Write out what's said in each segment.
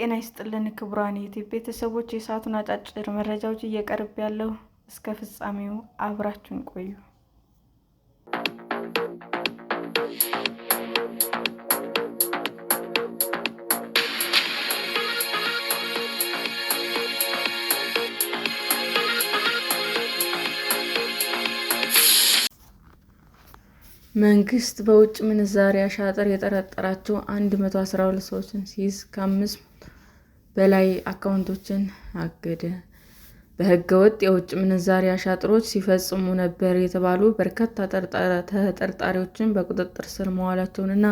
ጤና ይስጥልን ክቡራን ዩቲዩብ ቤተሰቦች፣ የሰዓቱን አጫጭር መረጃዎች እየቀርብ ያለው እስከ ፍጻሜው አብራችን ቆዩ። መንግስት በውጭ ምንዛሪ አሻጥር የጠረጠራቸው 112 ሰዎችን ሲይዝ ከአምስት በላይ አካውንቶችን አገደ። ወጥ የውጭ ምንዛሪ አሻጥሮች ሲፈጽሙ ነበር የተባሉ በርካታ ተጠርጣሪዎችን በቁጥጥር ስር መዋላቸውንና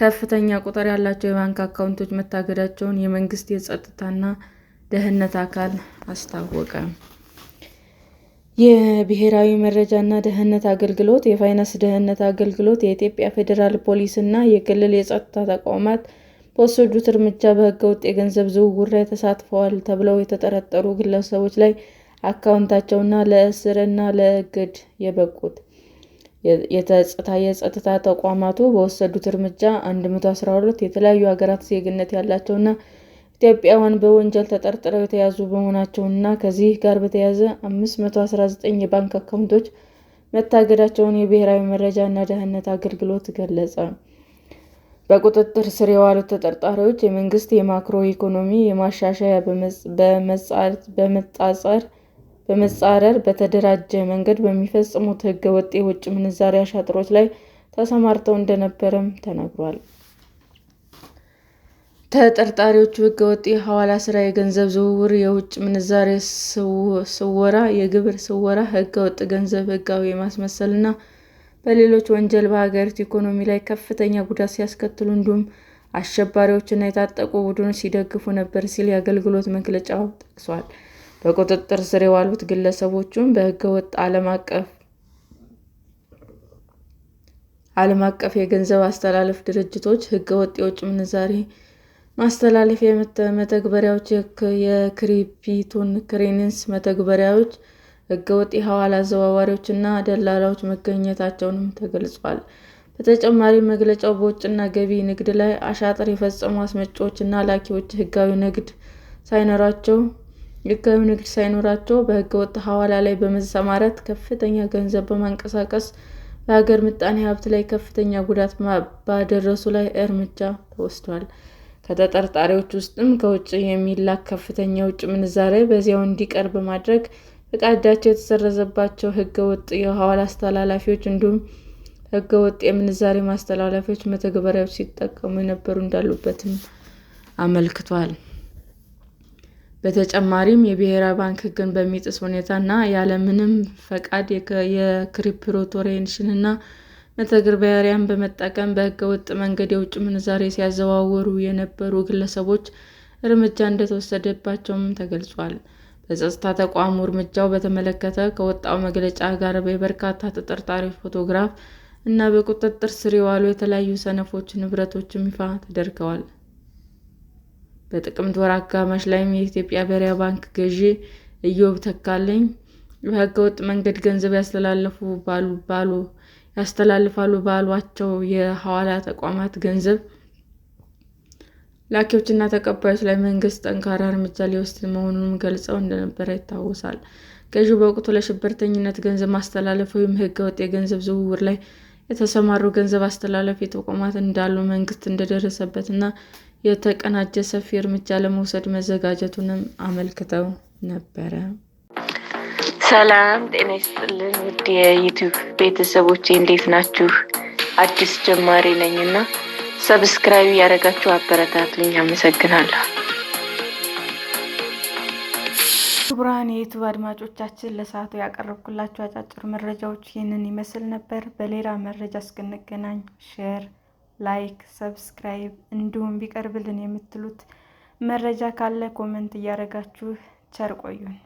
ከፍተኛ ቁጥር ያላቸው የባንክ አካውንቶች መታገዳቸውን የመንግስት የጸጥታና ደህንነት አካል አስታወቀ። የብሔራዊ መረጃና ደኅንነት አገልግሎት፣ የፋይናንስ ደህነት አገልግሎት፣ የኢትዮጵያ ፌዴራል ፖሊስ እና የክልል የጸጥታ ተቋማት በወሰዱት እርምጃ ወጥ የገንዘብ ዝውውር ላይ ተሳትፈዋል ተብለው የተጠረጠሩ ግለሰቦች ላይ አካውንታቸውና ለእስርና ለእግድ የበቁት የጸጥታ ተቋማቱ በወሰዱት እርምጃ 112 የተለያዩ ሀገራት ዜግነት ያላቸውና ኢትዮጵያውያን በወንጀል ተጠርጥረው የተያዙ በመሆናቸውና ከዚህ ጋር በተያያዘ 519 የባንክ አካውንቶች መታገዳቸውን የብሔራዊ መረጃ እና ደህንነት አገልግሎት ገለጸ። በቁጥጥር ስር የዋሉት ተጠርጣሪዎች የመንግስት የማክሮ ኢኮኖሚ የማሻሻያ በመጻረር በተደራጀ መንገድ በሚፈጽሙት ህገ ወጥ የውጭ ምንዛሪ አሻጥሮች ላይ ተሰማርተው እንደነበረም ተነግሯል። ተጠርጣሪዎቹ ወጥ የሐዋላ ስራ የገንዘብ ዝውውር፣ የውጭ ምንዛሪ ስወራ፣ የግብር ስወራ፣ ህገ ወጥ ገንዘብ የማስመሰል ና ። በሌሎች ወንጀል በሀገሪቱ ኢኮኖሚ ላይ ከፍተኛ ጉዳት ሲያስከትሉ እንዲሁም አሸባሪዎችና የታጠቁ ቡድኖች ሲደግፉ ነበር ሲል የአገልግሎት መግለጫው ጠቅሷል። በቁጥጥር ስር የዋሉት ግለሰቦቹም በህገወጥ ዓለም አቀፍ የገንዘብ አስተላለፍ ድርጅቶች፣ ህገወጥ የውጭ ምንዛሪ ማስተላለፊያ መተግበሪያዎች፣ የክሪፕቶከረንሲ መተግበሪያዎች ህገወጥ የሐዋላ እና ደላላዎች መገኘታቸውንም ተገልጿል። በተጨማሪ መግለጫው በውጭና ገቢ ንግድ ላይ አሻጥር የፈጸሙ እና ላኪዎች ህጋዊ ንግድ ሳይኖራቸው ህጋዊ ንግድ ሳይኖራቸው በህገወጥ ሐዋላ ላይ በመሰማራት ከፍተኛ ገንዘብ በማንቀሳቀስ በሀገር ምጣኔ ሀብት ላይ ከፍተኛ ጉዳት ባደረሱ ላይ እርምጃ ተወስዷል። ከተጠርጣሪዎች ውስጥም ከውጭ የሚላክ ከፍተኛ የውጭ ምንዛሬ በዚያው እንዲቀር በማድረግ ፈቃዳቸው የተሰረዘባቸው ህገወጥ የሐዋላ አስተላላፊዎች እንዲሁም ህገወጥ የምንዛሬ ማስተላለፊያዎች መተግበሪያዎች ሲጠቀሙ የነበሩ እንዳሉበትም አመልክቷል። በተጨማሪም የብሔራዊ ባንክ ህግን በሚጥስ ሁኔታ እና ያለምንም ፈቃድ የክሪፕቶ እና መተግበሪያን በመጠቀም በህገወጥ መንገድ የውጭ ምንዛሬ ሲያዘዋወሩ የነበሩ ግለሰቦች እርምጃ እንደተወሰደባቸውም ተገልጿል። በጸጥታ ተቋሙ እርምጃው በተመለከተ ከወጣው መግለጫ ጋር የበርካታ ተጠርጣሪዎች ፎቶግራፍ እና በቁጥጥር ስር የዋሉ የተለያዩ ሰነፎች ንብረቶችም ይፋ ተደርገዋል። በጥቅምት ወር አጋማሽ ላይም የኢትዮጵያ ብሔራዊ ባንክ ገዢ እዮብ ተካልኝ በሕገወጥ መንገድ ገንዘብ ያስተላልፋሉ ባሏቸው የሐዋላ ተቋማት ገንዘብ ላኪዎችና ተቀባዮች ላይ መንግስት ጠንካራ እርምጃ ሊወስድ መሆኑንም ገልጸው እንደነበረ ይታወሳል። ገዢው በወቅቱ ለሽብርተኝነት ገንዘብ ማስተላለፍ ወይም ወጥ የገንዘብ ዝውውር ላይ የተሰማሩ ገንዘብ አስተላላፊ ተቋማት እንዳሉ፣ እንደደረሰበት እንደደረሰበትና የተቀናጀ ሰፊ እርምጃ ለመውሰድ መዘጋጀቱንም አመልክተው ነበረ። ሰላም ጤና ይስጥልን ውድ የዩቱብ ቤተሰቦች እንዴት ናችሁ? አዲስ ጀማሪ ነኝና ሰብስክራይብ ያደረጋችሁ አበረታትልኝ። አመሰግናለሁ። ክቡራን የዩቱብ አድማጮቻችን ለሰዓቱ ያቀረብኩላችሁ አጫጭር መረጃዎች ይህንን ይመስል ነበር። በሌላ መረጃ እስክንገናኝ ሼር፣ ላይክ፣ ሰብስክራይብ እንዲሁም ቢቀርብልን የምትሉት መረጃ ካለ ኮመንት እያደረጋችሁ ቸር ቆዩን።